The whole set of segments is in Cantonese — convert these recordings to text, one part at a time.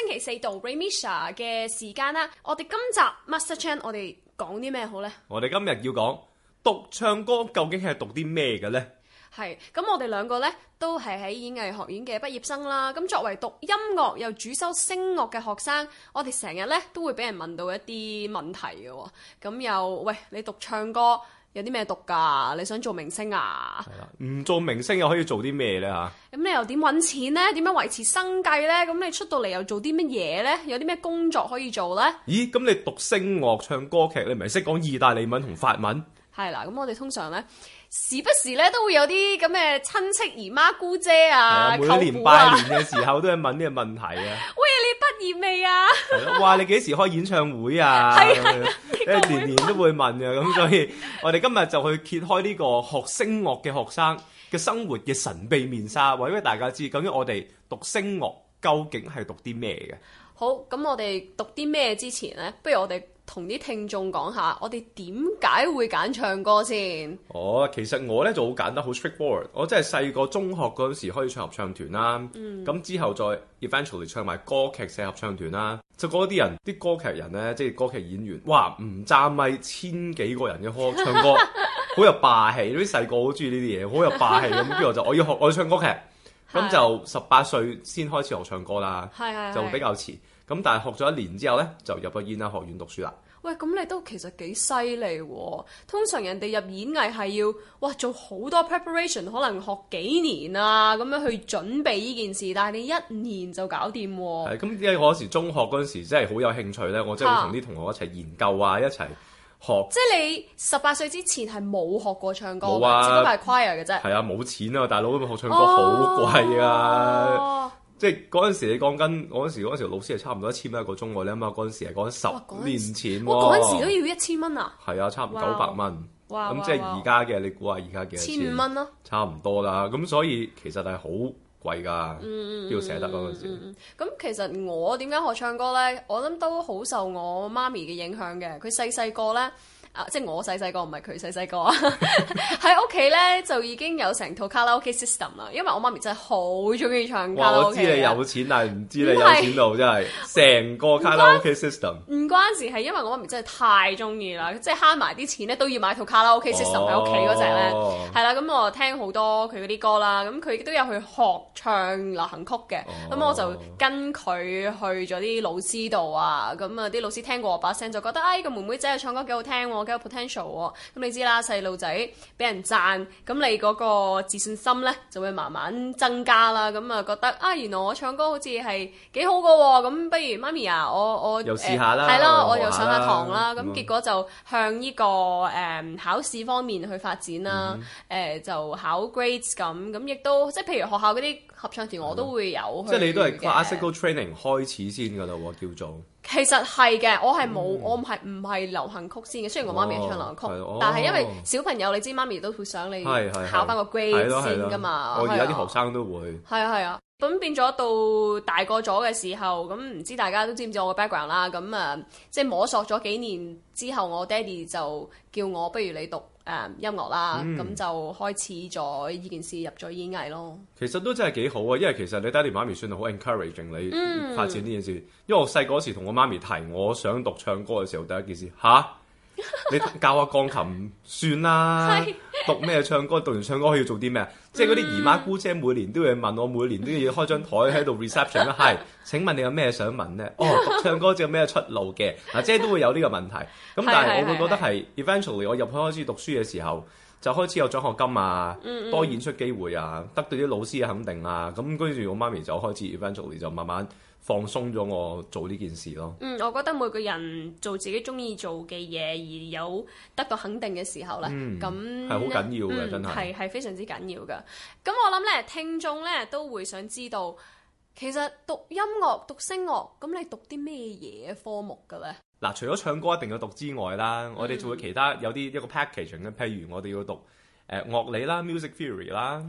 星期四到 Ramisha 嘅時間啦，我哋今集 Master Chan，我哋講啲咩好呢？我哋今日要講讀唱歌究竟係讀啲咩嘅呢？係咁，我哋兩個呢都係喺演藝學院嘅畢業生啦。咁作為讀音樂又主修聲樂嘅學生，我哋成日呢都會俾人問到一啲問題嘅㗎喎。咁又喂，你讀唱歌？有啲咩讀噶？你想做明星啊？係啊。唔做明星又可以做啲咩咧？吓，咁你又點搵錢咧？點樣維持生計咧？咁你出到嚟又做啲乜嘢咧？有啲咩工作可以做咧？咦？咁你讀聲樂唱歌劇，你唔係識講意大利文同法文？係啦，咁我哋通常咧。時不時咧都會有啲咁嘅親戚姨媽姑姐啊，啊每年拜年嘅時候 都係問呢個問題啊。 喂，你畢業未啊？哇，你幾時開演唱會啊？係啊，即係年年都會問嘅，啊，咁所以我哋今日就去揭開呢個學聲樂嘅學生嘅生活嘅神秘面紗，話俾大家知究竟我哋讀聲樂究竟係讀啲咩嘅。好，咁我哋讀啲咩之前咧，不如我哋。同啲聽眾講下，我哋點解會揀唱歌先？哦，oh, 其實我咧就好簡單，好 straightforward。我真係細個中學嗰陣時開始唱合唱團啦，咁、mm. 之後再 eventually 唱埋歌劇社合唱團啦。就嗰啲人，啲歌劇人咧，即係歌劇演員，哇！唔揸咪，千幾個人嘅歌唱歌，好有霸氣。啲細個好中意呢啲嘢，好有霸氣。咁跟住就我要學，我要唱歌劇。咁就十八歲先開始學唱歌啦，係係係就比較遲。咁但係學咗一年之後呢，就入咗演藝學院讀書啦。喂，咁你都其實幾犀利喎！通常人哋入演藝係要哇做好多 preparation，可能學幾年啊，咁樣去準備呢件事。但係你一年就搞掂喎、啊。係咁，因為我嗰時中學嗰時真係好有興趣呢。我真係會同啲同學一齊研究啊，一齊。學即係你十八歲之前係冇學過唱歌，只不過係 choir 嘅啫。係啊，冇、啊、錢啊，大佬咁學唱歌好貴啊！哦、即係嗰陣時你講緊嗰陣時嗰陣時老師係差唔多一千蚊一個鐘喎，你諗下嗰陣時係講緊十年前喎、啊，嗰、哦、時,時都要一千蚊啊！係啊，差唔多九百蚊咁，哇哇即係而家嘅你估下而家幾多千五蚊咯、啊？差唔多啦，咁所以其實係好。貴㗎，都要捨得嗰陣時。咁、嗯、其實我點解學唱歌咧？我諗都好受我媽咪嘅影響嘅。佢細細個咧。啊！即係我細細個唔係佢細細個，喺屋企咧就已經有成套卡拉 OK system 啦。因為我媽咪真係好中意唱卡拉 OK。我知你有錢，但係唔知你有錢到真係成個卡拉 OK system。唔關事，係因為我媽咪真係太中意啦，即係慳埋啲錢咧都要買套卡拉 OK system 喺屋企嗰隻咧。係啦，咁我聽好多佢嗰啲歌啦，咁佢都有去學唱流行曲嘅。咁我就跟佢去咗啲老師度啊。咁啊啲老師聽過我把聲，就覺得誒個妹妹仔唱歌幾好聽喎。我有 potential 喎、啊，咁、嗯、你知啦，細路仔俾人讚，咁、嗯、你嗰個自信心咧就會慢慢增加啦。咁、嗯、啊覺得啊，原來我唱歌好似係幾好嘅喎、啊，咁不如媽咪啊，我我又試下啦，係咯，我又上下堂啦。咁、嗯嗯、結果就向呢、這個誒、嗯、考試方面去發展啦、啊。誒、嗯嗯呃、就考 grades 咁，咁、嗯、亦都即係譬如學校嗰啲合唱團，我都會有、嗯。即係你都係個 classical training 開始先嘅啦，叫做。其實係嘅，我係冇，嗯、我唔係唔係流行曲先嘅。雖然我媽咪係唱流行曲，哦哦、但係因為小朋友，你知媽咪都會想你考翻個 grade 的先㗎嘛。的我而家啲學生都會。係啊係啊。咁變咗到大個咗嘅時候，咁唔知大家都知唔知我嘅 background 啦，咁啊，即係摸索咗幾年之後，我爹哋就叫我不如你讀誒音樂啦，咁、嗯、就開始咗依件事入咗演藝咯。其實都真係幾好啊，因為其實你爹哋媽咪算係好 encouraging 你發展呢件事，嗯、因為我細個嗰時同我媽咪提我想讀唱歌嘅時候，第一件事嚇。 你教下鋼琴算啦， 讀咩唱歌？讀完唱歌可以做啲咩？ 即係嗰啲姨媽姑姐每年都會問我，每年都要開張台喺度 reception 啦。係，請問你有咩想問咧？ 哦，讀唱歌有咩出路嘅？嗱，即係都會有呢個問題。咁 但係我會覺得係 eventually 我入去開始讀書嘅時候就開始有獎學金啊，多演出機會啊， 得到啲老師嘅肯定啊。咁跟住我媽咪就開始 eventually 就慢慢。放鬆咗我做呢件事咯。嗯，我覺得每個人做自己中意做嘅嘢而有得到肯定嘅時候咧，咁係好緊要嘅，嗯、真係係係非常之緊要嘅。咁我諗咧，聽眾咧都會想知道，其實讀音樂、讀聲樂，咁你讀啲咩嘢科目嘅咧？嗱，除咗唱歌一定要讀之外啦，嗯、我哋做有其他有啲一,一個 package 嘅，譬如我哋要讀。誒樂理啦，music theory 啦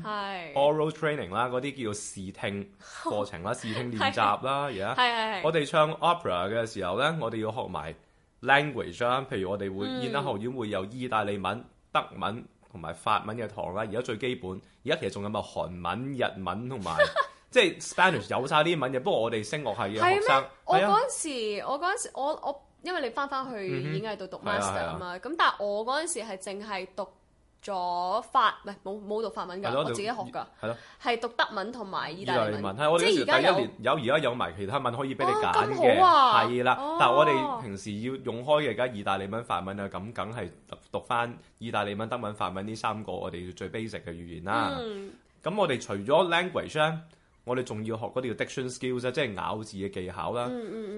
，oral training 啦，嗰啲叫視聽過程啦，視聽練習啦。而家我哋唱 opera 嘅時候咧，我哋要學埋 language 啦。譬如我哋會演藝學院會有意大利文、德文同埋法文嘅堂啦。而家最基本，而家其實仲有咪韓文、日文同埋即係 Spanish 有晒啲文嘅。不過我哋聲樂系嘅學生，我嗰陣時，我嗰陣時，我我因為你翻翻去演藝度讀 master 啊嘛。咁但係我嗰陣時係淨係讀。左法，唔係冇冇讀法文噶，的我自己學噶，係咯的，係讀德文同埋意大利文。意大利文，我即係第一年有，而家有埋其他文可以俾你揀嘅，係啦、哦。但係我哋平時要用開嘅，而家意大利文、法文啊，咁梗係讀翻意大利文、德文、法文呢三個我哋最 basic 嘅語言啦。咁、嗯、我哋除咗 language 咧。我哋仲要學嗰啲叫 diction skills 即係咬字嘅技巧啦。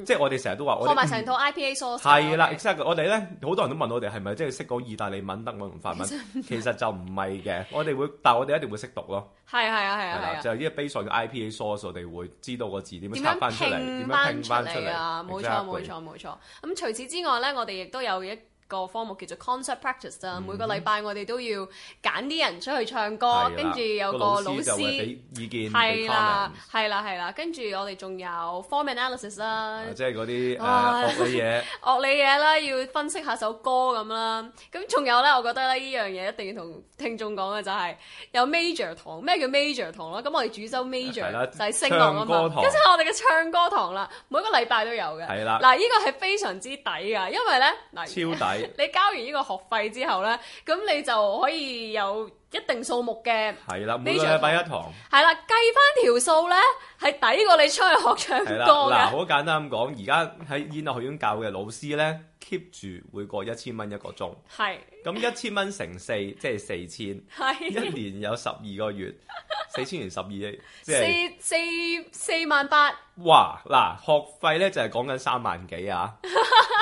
即係我哋成日都話，學埋成套 IPA Source。係啦，exactly。我哋咧好多人都問我哋係咪即係識講意大利文、德文、同法文？其實就唔係嘅，我哋會，但係我哋一定會識讀咯。係係啊係啊。係啦，就依個 basic 嘅 IPA Source 我哋會知道個字點樣拆翻出嚟，點樣拼翻出嚟啊！冇錯冇錯冇錯。咁除此之外咧，我哋亦都有一個科目叫做 concept practice 啊，每個禮拜我哋都要揀啲人出去唱歌，跟住有個老師俾意見，係啦，係啦，係啦，跟住我哋仲有 form analysis 啦，即係嗰啲誒學嘢，學你嘢啦，要分析下首歌咁啦，咁仲有咧，我覺得咧依樣嘢一定要同聽眾講嘅就係有 major 堂，咩叫 major 堂咯？咁我哋主修 major 就係聲樂啊嘛，跟住我哋嘅唱歌堂啦，每個禮拜都有嘅，係啦，嗱，呢個係非常之抵噶，因為咧，超 你交完呢個學費之後咧，咁你就可以有一定數目嘅，係啦，每個禮拜一堂，係啦，計翻條數咧，係抵過你出去學唱歌嘅。嗱，好簡單咁講，而家喺音樂學院教嘅老師咧。keep 住會過一千蚊一個鐘，係是，咁一千蚊乘四即係、就是、四千，係是，一年有十二個月，四千乘十二即係四四四萬八。哇！嗱，學費咧就係、是、講緊三萬幾啊，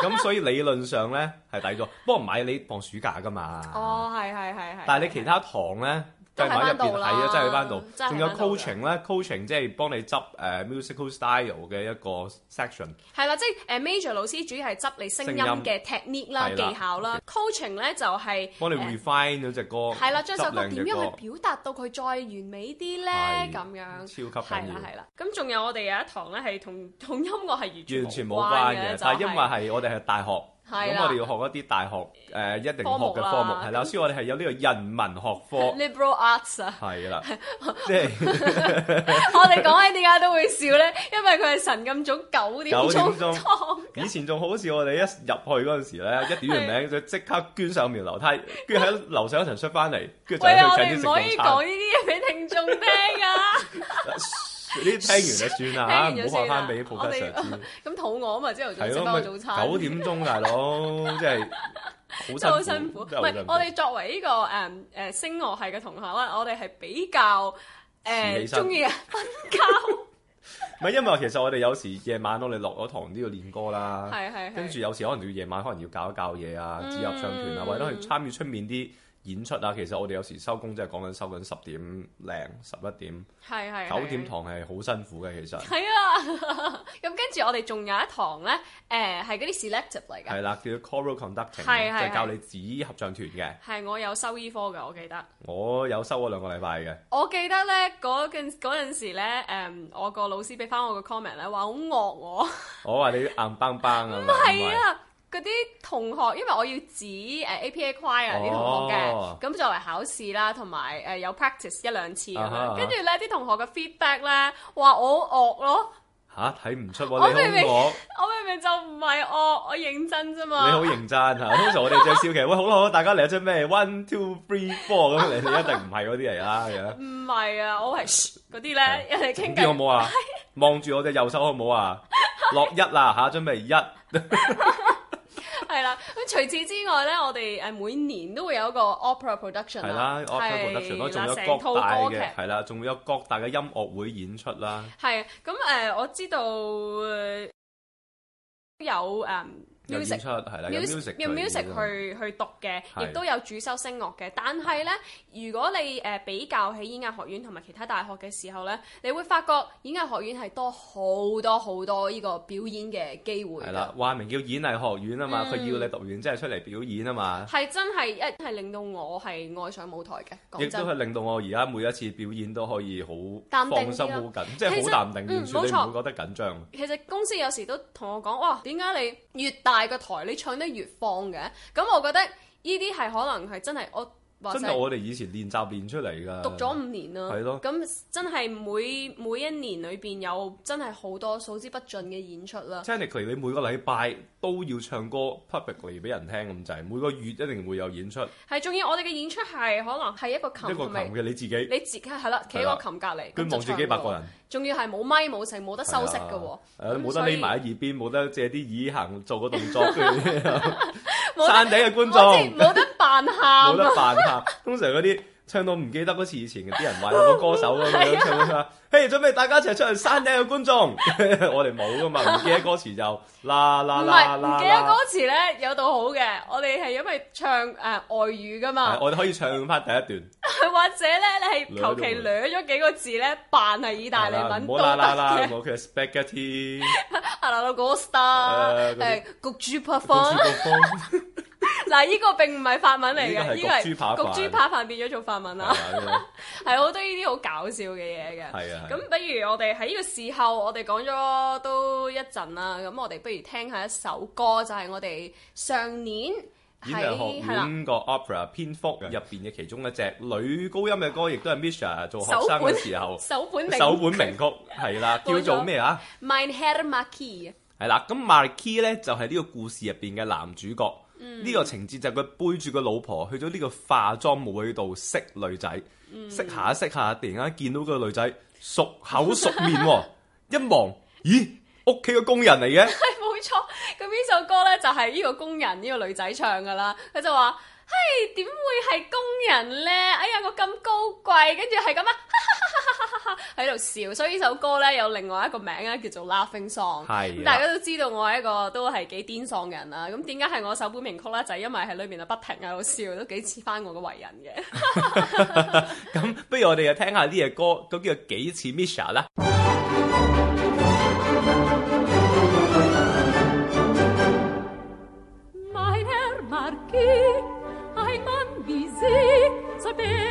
咁 所以理論上咧係抵咗，不過唔係你放暑假㗎嘛。哦，係係係係。但係你其他堂咧？即係喺入邊睇咗，即係喺班度。仲有 coaching 咧，coaching 即係幫你執誒 musical style 嘅一個 section。係啦，即係誒 major 老師主要係執你聲音嘅 technique 啦、技巧啦。coaching 咧就係幫你 refine 嗰隻歌。係啦，將首歌點樣去表達到佢再完美啲咧？咁樣。超級緊要。係啦，係啦。咁仲有我哋有一堂咧，係同同音樂係完全冇關嘅，但係因為係我哋係大學。咁我哋要學一啲大學誒一定學嘅科目，係啦，所以我哋係有呢個人文學科，liberal arts 啊，係啦，即係我哋講起點解都會笑咧，因為佢係神咁早九點鐘，以前仲好笑，我哋一入去嗰陣時咧，一點完名就即刻捐上面樓梯，跟住喺樓上一層出翻嚟。跟住喂，我哋唔可以講呢啲嘢俾聽眾聽啊？呢啲聽完就算啦嚇，唔好話翻俾傅德成。咁肚餓啊嘛，之後再食包早餐。九點鐘大佬，即係好辛苦。唔係，我哋作為呢個誒誒聲樂系嘅同學咧，我哋係比較誒中意瞓覺。唔係，因為其實我哋有時夜晚我哋落咗堂都要練歌啦，係係，跟住有時可能要夜晚可能要教一教嘢啊，指合唱團啊，或者去參與出面啲。演出啊，其實我哋有時收工即係講緊收緊十點零、十一點，係係九點堂係好辛苦嘅，其實係啊。咁 跟住我哋仲有一堂咧，誒係嗰啲 selective 嚟嘅，係啦、啊，叫做 choral conducting，即係是教你指合唱團嘅。係我有收醫科㗎，我記得。我有收咗兩個禮拜嘅。我記得咧嗰陣嗰時咧，誒、呃、我個老師俾翻我個 comment 咧，話好惡我。 我話你硬邦邦啊！唔係啊。嗰啲同學，因為我要指誒 APA Choir 啲同學嘅，咁作為考試啦，同埋誒有 practice 一兩次咁樣，跟住咧啲同學嘅 feedback 咧話我好惡咯，嚇，睇唔出你好惡。我明明就唔係惡，我認真啫嘛，你好認真嚇，通常我哋最笑嘅，喂好啦好，大家嚟一張咩？One two three four 咁嚟，一定唔係嗰啲嚟啦，唔係啊，我係嗰啲咧，一齊傾偈好唔好啊？望住我隻右手好唔好啊？落一啦嚇，準備一。係啦，咁除此之外咧，我哋誒每年都會有一個 opera production 啦，係啦，opera production 都仲有各大嘅，係啦，仲會有各大嘅音樂會演出啦。係啊，咁誒、呃、我知道、呃、有誒。呃 music 係啦，music，music 去去讀嘅，亦的都有主修聲樂嘅。但係咧，如果你誒、呃、比較起演藝學院同埋其他大學嘅時候咧，你會發覺演藝學院係多好多好多呢個表演嘅機會。係啦，話明叫演藝學院啊嘛，佢要、嗯、你讀完即係出嚟表演啊嘛。係、嗯、真係一係令到我係愛上舞台嘅。亦都係令到我而家每一次表演都可以好放心，好緊、這個，即係好淡定，完全、嗯嗯、你唔會覺得緊張。其實公司有時都同我講，哇，點解你越大個台，你唱得越放嘅，咁我覺得呢啲係可能係真係我。真係我哋以前練習練出嚟噶，讀咗五年啦。係咯，咁真係每每一年裏邊有真係好多數之不盡嘅演出啦。Technically 你每個禮拜都要唱歌 publicly 俾人聽咁滯，每個月一定會有演出。係，仲要我哋嘅演出係可能係一個琴，一個琴嘅你自己，你自己係啦，企喺個琴隔離。佢望住幾百個人，仲要係冇咪冇剩冇得收息嘅喎。冇得匿埋喺耳邊，冇得借啲耳行做個動作嘅嘢。山頂嘅觀眾冇得扮下，冇得扮。通常嗰啲唱到唔記得嗰次以前嘅啲人話有個歌手咁樣唱 是啊，嘿，準備大家一齊唱山頂嘅觀眾， 我哋冇噶嘛，唔記得歌詞就啦啦啦啦。唔係唔記得歌詞咧，有度好嘅，我哋係因為唱誒、呃、外語噶嘛，啊、我哋可以唱翻第一段。或者咧，你係求其掠咗幾個字咧，扮係意大利文。唔好、啊、啦拉拉拉、啊、啦啦，我嘅 spaghetti。阿老古 star，係焗豬扒飯。那個 嗱，呢 個並唔係法文嚟嘅，呢個係焗豬扒飯變咗做法文啊。係、嗯，好 多呢啲好搞笑嘅嘢嘅。係啊，咁不如我哋喺呢個時候，我哋講咗都一陣啦。咁我哋不如聽下一首歌，就係、是、我哋上年喺係啦個 opera 蝙蝠入邊嘅其中一隻女高音嘅歌，亦都係 Misha 做學生嘅時候首本名首本名曲係啦， 叫做咩啊、 e. Mein Herr Markey 係啦，咁 Markey 咧就係、是、呢個故事入邊嘅男主角。呢、嗯、個情節就係佢背住個老婆去咗呢個化妝舞會度識女仔，嗯、識下識下，突然間見到個女仔熟口熟面喎、哦， 一望，咦，屋企、 就是、個工人嚟嘅，係冇錯。咁呢首歌咧就係呢個工人呢個女仔唱㗎喇，佢就話：嘿，點會係工人咧？哎呀，我咁高貴，跟住係咁啊！ 哈喺度笑，所以呢首歌咧有另外一個名啊，叫做 Laughing Song。咁是的 大家都知道我係一個都係幾癲喪嘅人啦。咁點解係我首本名曲咧？就係、是、因為喺裏面啊不停喺度笑，都幾似翻我嘅為人嘅。咁不如我哋又聽下呢隻歌，咁叫幾似 Misha 啦。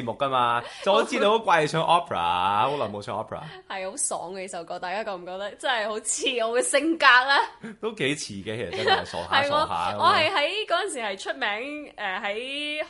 節目㗎嘛，早知道好怪你唱 opera，好耐冇唱 opera。好爽嘅一首歌，大家覺唔覺得？真係好似我嘅性格咧，都幾似嘅。其實真係、 呃、傻下傻下。癲下癲下我係喺嗰陣時係出名誒，喺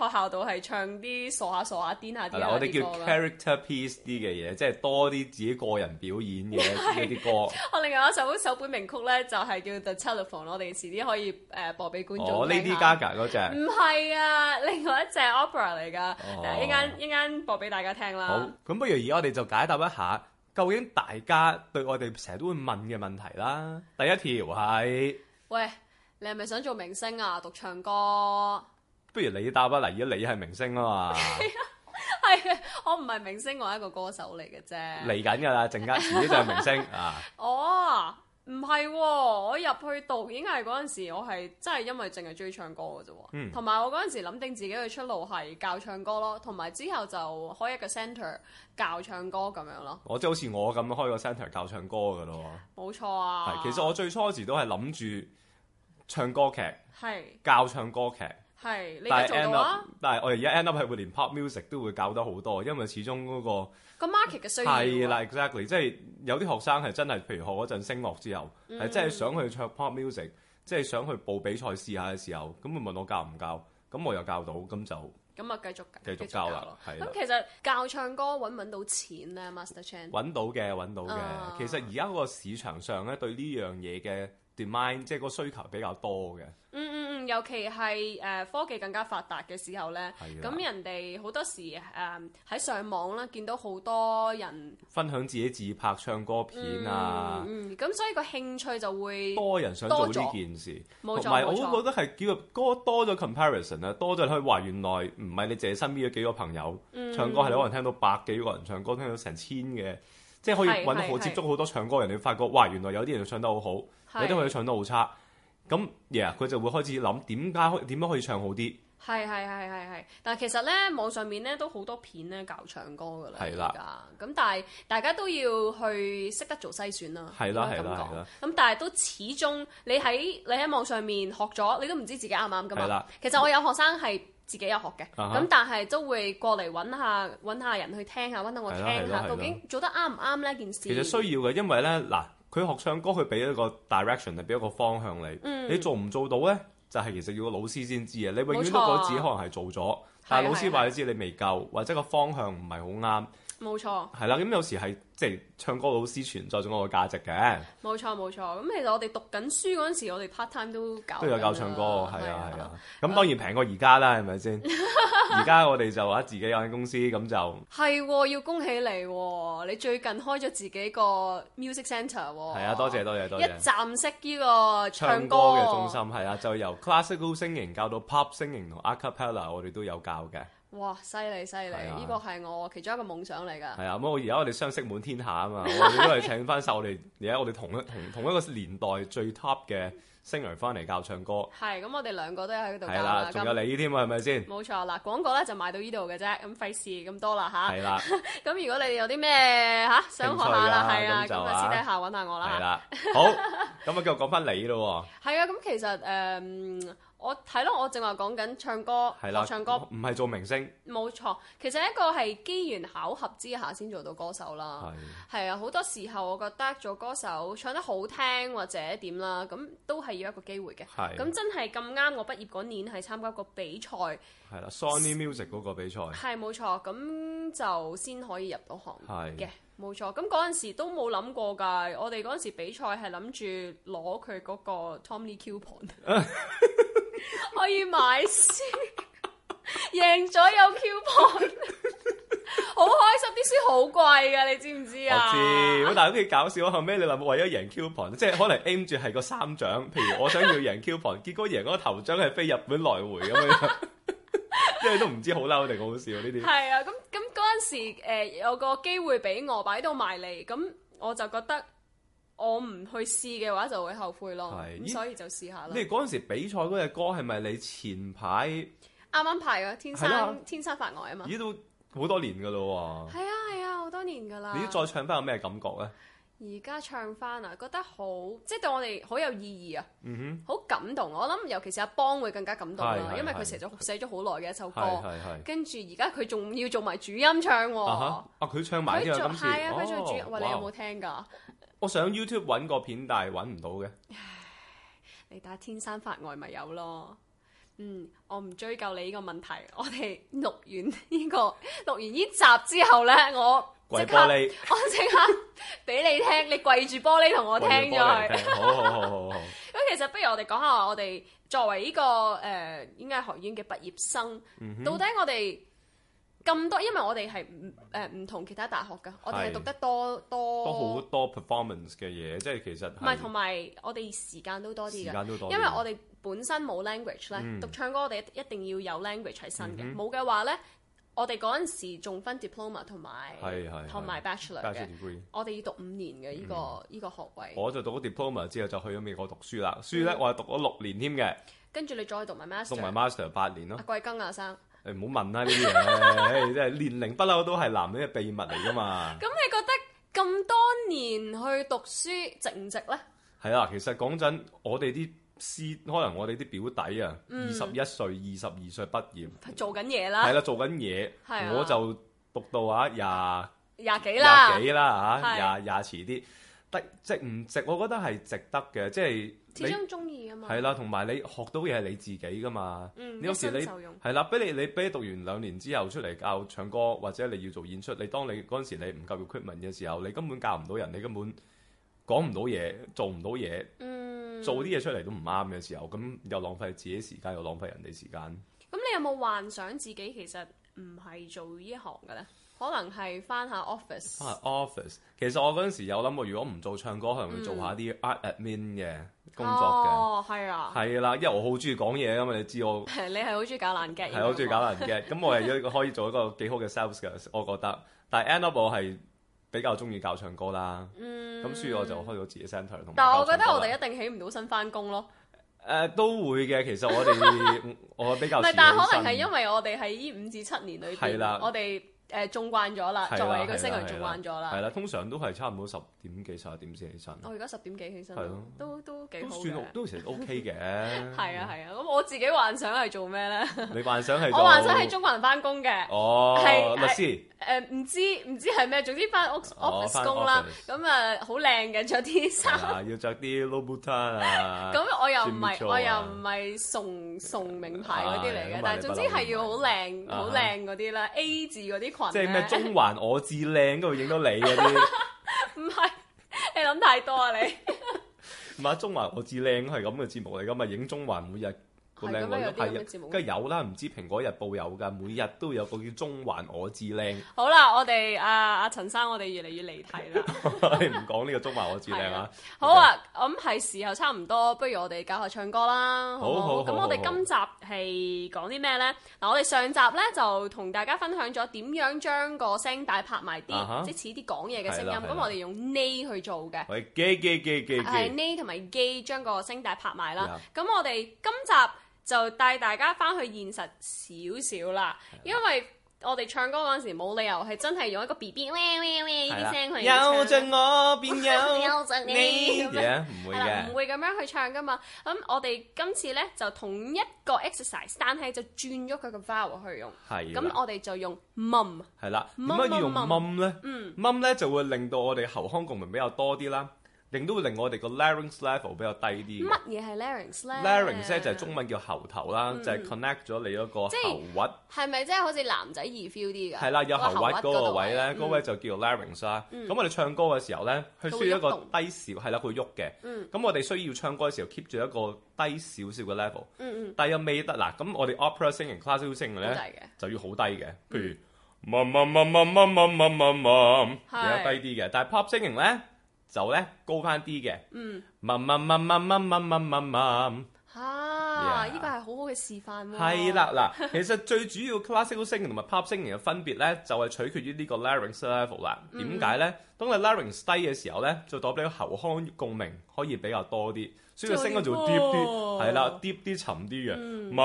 學校度係唱啲傻下傻下癲下啲。嗱，我哋叫 character piece 啲嘅嘢，即係多啲自己個人表演嘅呢啲歌。 我另外一首首本名曲咧，就係、是、叫《The Telephone》，我哋遲啲可以誒、呃、播俾觀眾、哦。哦，Lady Gaga 嗰隻？唔係啊，另外一隻 Opera 嚟噶。一間呢間播俾大家聽啦。好，咁不如而我哋就解答一下。究竟大家對我哋成日都會問嘅問題啦，第一條係：喂，你係咪想做明星啊？獨唱歌，不如你答返嚟，而家你係明星啊嘛，係啊， 我唔係明星，我係一個歌手嚟嘅啫，嚟緊㗎喇，陣間自己就係明星 啊，哦。Oh. 唔係喎，我入去讀已經係嗰陣時，我係真係因為淨係鍾意唱歌嘅啫喎。嗯。同埋我嗰陣時諗定自己嘅出路係教唱歌咯，同埋之後就開一個 centre 教唱歌咁樣咯。我即係好似我咁開個 centre 教唱歌㗎咯。冇錯啊。係，其實我最初時都係諗住唱歌劇，係是教唱歌劇。係，你都做到啊！但係我哋而家 end up 係會連 pop music 都會教得好多，因為始終嗰、那個個 market 嘅需要係啦的、啊、exactly，即係有啲學生係真係，譬如學嗰陣聲樂之後，係真係想去唱 pop music，即係想去報比賽試下嘅時候，咁佢問我教唔教，咁我又教到，咁就咁啊，繼續繼續教啦，係。咁的其實教唱歌揾唔揾到錢咧，Master Chan 揾到嘅，揾到嘅。啊、其實而家個市場上咧，對呢樣嘢嘅。mind 即係個需求比較多嘅。嗯嗯嗯，尤其係誒科技更加發達嘅時候咧，咁人哋好多時誒喺上網啦，見到好多人分享自己自拍唱歌片啊。嗯，咁所以個興趣就會多人想做呢件事。冇錯，冇錯。我都覺得係叫做多多咗 comparison 啊，多咗去話原來唔係你自己身邊嘅幾個朋友唱歌，係你可能聽到百幾個人唱歌，聽到成千嘅，即係可以揾好，接觸好多唱歌人，你發覺哇，原來有啲人唱得好好。你都可以唱得好差，咁佢就會開始諗點解點樣可以唱好啲。係係係係係，但係其實咧網上面咧都好多片咧教唱歌噶啦，咁但係大家都要去識得做篩選啦。係啦係啦，咁但係都始終你喺你喺網上面學咗，你都唔知自己啱唔啱噶嘛？其實我有學生係自己有學嘅，咁但係都會過嚟揾下揾下人去聽下，揾到我聽下，究竟做得啱唔啱呢件事。其實需要嘅，因為咧嗱。佢學唱歌，佢俾一個 direction，係俾一個方向你。嗯、你做唔做到咧？就係、是、其實要個老師先知啊！你永遠都覺得自己可能係做咗，冇錯、但係老師話你知你未夠，是的是的或者個方向唔係好啱。冇錯，係啦。咁、 啊、有時係即係唱歌老師存在咗我個價值嘅。冇錯冇錯。咁其實我哋讀緊書嗰陣時，我哋 part time 都搞，都有教唱歌，係啊係啊。咁當然平過而家啦，係咪先？而家 我哋就話自己有間公司，咁就係、 啊、要恭喜你、哦。你最近開咗自己個 music centre e、哦。係啊，多謝多謝多謝。一站式呢個唱歌嘅中心係啊， 啊，就由 classical singing 教到 pop singing 同 a cappella，我哋都有教嘅。哇！犀利犀利，呢個係我其中一個夢想嚟噶。係啊，咁我而家我哋相識滿天下啊嘛，我哋都係請翻晒我哋而家我哋同一同同一個年代最 top 嘅星人翻嚟教唱歌。係，咁我哋兩個都喺度教啦。仲有你添啊，係咪先？冇錯嗱，廣告咧就賣到呢度嘅啫，咁費事咁多啦吓。係啦，咁如果你哋有啲咩吓想學下啦，係啊，咁就私底下揾下我啦。係啦，好，咁啊，繼續講翻你咯。係啊，咁其實誒。我睇咯，我正話講緊唱歌，係啦，唱歌，唔係做明星。冇錯，其實一個係機緣巧合之下先做到歌手啦。係啊的，好多時候我覺得做歌手唱得好聽或者點啦，咁都係要一個機會嘅。咁的真係咁啱，我畢業嗰年係參加一個比賽。係啦，Sony Music 嗰個比賽係，冇錯，咁就先可以入到行嘅，冇錯是。咁嗰陣時都冇諗過噶，我哋嗰陣時比賽係諗住攞佢嗰個 Tommy Coupon， 可以買書，贏 咗有 Coupon，好 開心。啲書好貴噶，你知唔知啊？我知，但係好搞笑。後尾你諗為咗贏 Coupon，即係可能 aim 住係個三獎。譬如我想要贏 Coupon， 結果贏嗰個頭獎係飛日本來回咁樣。 即係都唔知好嬲定好笑呢啲。係啊，咁咁嗰陣時，呃，有個機會俾我擺到埋嚟，咁我就覺得我唔去試嘅話就會後悔咯。係，咁所以就試下啦。你嗰陣時比賽嗰隻歌係咪你前排？啱啱排啊，《天生、啊、天生發呆》啊嘛。咦？都好多年噶啦喎。係啊係啊，好多年噶啦。你再唱翻有咩感覺咧？而家唱翻啊，覺得好，即係對我哋好有意義啊，好感動。我諗尤其是阿邦會更加感動啦，因為佢寫咗寫咗好耐嘅一首歌，跟住而家佢仲要做埋主音唱喎。啊，佢唱埋佢今次。係啊，佢做主音。喂，你有冇聽㗎？我上 YouTube 揾個片，但係揾唔到嘅。唉，你打天生法外咪有咯。嗯，我唔追究你呢個問題。我哋錄完呢、這個錄完呢集之後咧，我即刻璃安靜下俾你聽，你跪住玻璃同我聽咗佢。好好好好。咁 其實不如我哋講下我哋作為呢、這個誒，音、呃、樂學院嘅畢業生，嗯、哼到底我哋。咁多，因為我哋係唔誒唔同其他大學㗎，我哋係讀得多多，都好多 performance 嘅嘢，即係其實唔係同埋我哋時間都多啲嘅，時間都多啲。因為我哋本身冇 language 咧，讀唱歌我哋一定要有 language 喺身嘅，冇嘅話咧，我哋嗰陣時仲分 diploma 同埋係係同埋 bachelor，我哋要讀五年嘅呢個呢個學位。我就讀咗 diploma 之後就去咗美國讀書啦，書咧我係讀咗六年添嘅，跟住你再讀埋 master，讀埋 master 八年咯。阿桂更啊生。誒，唔好、哎、問啦呢啲嘢，即係、 哎、年齡不嬲都係男人嘅秘密嚟噶嘛。咁 你覺得咁多年去讀書值唔值咧？係啊，其實講真，我哋啲師，可能我哋啲表弟啊，二十一歲、二十二歲畢業，做緊嘢啦，係啦，做緊嘢，啊、我就讀到啊廿廿幾啦，廿幾啦吓，廿廿遲啲，得值唔值？我覺得係值得嘅，即係。始終中意啊嘛，係啦，同埋你學到嘢係你自己噶嘛，你、嗯、有時你係啦，俾你你俾你讀完兩年之後出嚟教唱歌或者你要做演出。你當你嗰陣時你唔夠 equipment 嘅時候，你根本教唔到人，你根本講唔到嘢，做唔到嘢，嗯、做啲嘢出嚟都唔啱嘅時候，咁又浪費自己時間，又浪費人哋時間。咁你有冇幻想自己其實唔係做呢一行嘅咧？可能係返下 office，返下 office。其實我嗰陣時有諗過，如果唔做唱歌，可能會做下啲 admin 嘅工作嘅。哦，係啊，係啦，因為我好中意講嘢啊嘛，你知我。你係好中意搞爛 gag？係，我中意搞爛 gag。咁我係可以做一個幾好嘅 sales 嘅，我覺得。但係 end up 我係比較中意教唱歌啦。嗯。咁所以我就開咗自己 centre 同。但係我覺得我哋一定起唔到身返工咯。誒，都會嘅。其實我哋我比較，但係可能係因為我哋喺呢五至七年裏邊，係啦，我哋。誒種慣咗啦，作為個星期種慣咗啦。係啦，通常都係差唔多十點幾、十一點先起身。我而家十點幾起身，都都幾好嘅。都算都，其實 OK 嘅。係啊係啊，咁我自己幻想係做咩咧？你幻想係做咩？我幻想喺中環翻工嘅。哦，律師。誒唔知唔知係咩？總之翻屋 office 工啦。咁啊好靚嘅，着啲衫。要着啲 low boot 啊。咁我又唔係，我又唔係送送名牌嗰啲嚟嘅，但係總之係要好靚好靚嗰啲啦，A 字嗰啲。即係咩？中環我至靚，應該會影到你嗰啲。唔係， 你諗太多啊你。唔係，中環我至靚係咁嘅節目嚟㗎嘛，影中環每日。咁有啲節目，梗係有啦。唔知《蘋果日報》有噶，每日都有個叫《中環我最靚》。好啦，我哋阿阿陳生，我哋越嚟越離題啦。你唔講呢個中環我最靚啊？好啊，咁係時候差唔多，不如我哋教下唱歌啦。好好好。咁我哋今集係講啲咩咧？嗱，我哋上集咧就同大家分享咗點樣將個聲帶拍埋啲，即似啲講嘢嘅聲音。咁我哋用 N 去做嘅，係 G G 係 N 同埋 G 將個聲帶拍埋啦。咁我哋今集。就帶大家返去現實少少啦，的因為我哋唱歌嗰陣時冇理由係真係用一個 B B meow 啲聲去有，有，嘅 你，就像我變樣，你唔會唔會咁樣去唱噶嘛。咁、嗯、我哋今次咧就同一個 exercise，但係就轉咗佢嘅 vowel 去用，係的。咁我哋就用 m 係、um, 啦，點解要用 mum 咧？嗯咧、um, 就會令到我哋喉腔共鳴比較多啲啦。令都會令我哋個 larynx level 比較低啲。乜嘢係 larynx？larynx 咧就係中文叫喉頭啦，就係 connect 咗你嗰個喉核。係咪即係好似男仔易 feel 啲嘅？係啦，有喉核嗰個位咧，嗰位就叫 larynx 啦。咁我哋唱歌嘅時候咧，佢需要一個低少係啦，佢喐嘅。咁我哋需要唱歌嘅時候 keep 住一個低少少嘅 level。但係又未得嗱？咁我哋 opera 聲型、classical 聲型咧，就要好低嘅，譬如 mum mum mum mum 低啲嘅。但係 pop 聲型咧，就呢高返啲嘅，嗯，mon mon mon 呢個係好好嘅示範喎、啊。係啦的，嗱， 其實最主要 classical 聲同埋 pop 聲嘅分別咧，就係、是、取決於、嗯、呢個 larynx level 啦。點解咧？當你 larynx 低嘅時候咧，就代表喉腔共鳴可以比較多啲，所以聲嗰度 deep 啲，係啦，deep 啲沉啲嘅、嗯、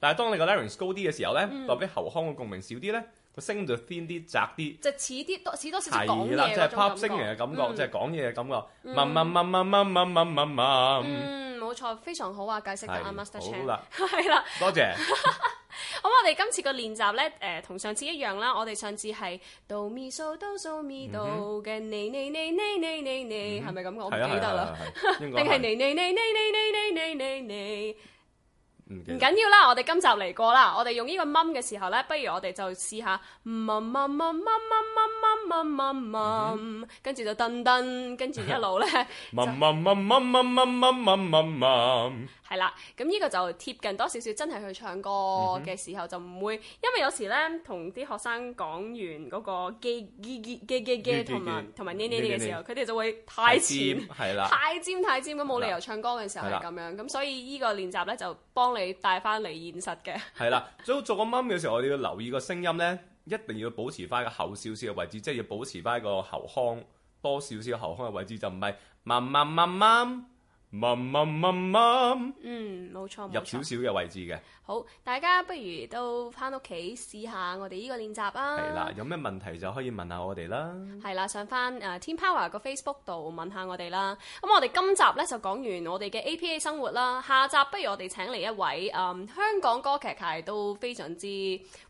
但係當你個 larynx 高啲嘅時候咧，代表、嗯、喉腔嘅共鳴少啲咧。個聲就尖啲窄啲，就似啲多似多少少講嘢，即係 pop 聲型嘅感覺，即係講嘢嘅感覺，mon mon mon。嗯，冇錯，非常好啊，解釋得啊，Master Chan，係啦，多謝。咁我哋今次個練習咧，誒，同上次一樣啦，我哋上次係 do mi so do so mi do 嘅 ne ne ne ne，係咪咁？我唔記得啦，定係 ne ne ne 唔緊要啦，我哋今集嚟過啦。我哋用呢個冧嘅時候咧，不如我哋就試下，跟住就噔噔，跟住一路咧，冧冧冧冧冧冧冧。係啦，咁呢個就貼近多少少真係去唱歌嘅時候，就唔會，因為有時咧，同啲學生講完嗰個嘰嘰嘰嘰嘰，同埋同埋呢呢嘅時候，佢哋就會太尖，係啦，太尖太尖咁，冇理由唱歌嘅時候係咁樣，咁所以呢個練習咧就幫。你帶翻嚟現實嘅，係啦。做做個 mum 嘅、um、時候，我哋要留意個聲音咧，一定要保持翻個喉少少嘅位置，即係要保持翻個喉腔多少少喉腔嘅位置，就唔係慢慢慢慢。媽媽媽媽媽。嗯，冇錯，入少少嘅位置嘅。好，大家不如都翻屋企試下我哋呢個練習啦。係啦，有咩問題就可以問下我哋啦。係啦，上翻誒天 power 個 Facebook 度問下我哋啦。咁我哋今集咧就講完我哋嘅 APA 生活啦。下集不如我哋請嚟一位誒、嗯、香港歌劇界都非常之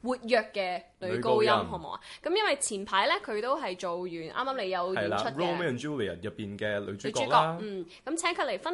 活躍嘅女高音，高好唔好啊？咁因為前排咧佢都係做完，啱啱嚟有演出嘅。《Romeo and Juliet》入邊嘅女主角，女主角嗯，咁請佢嚟分。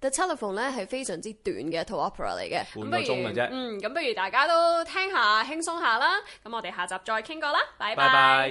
The telephone 咧係非常之短嘅一套 opera 嚟嘅，半鐘嘅啫。嗯，咁不如大家都聽下，輕鬆下啦。咁我哋下集再傾過啦。拜拜。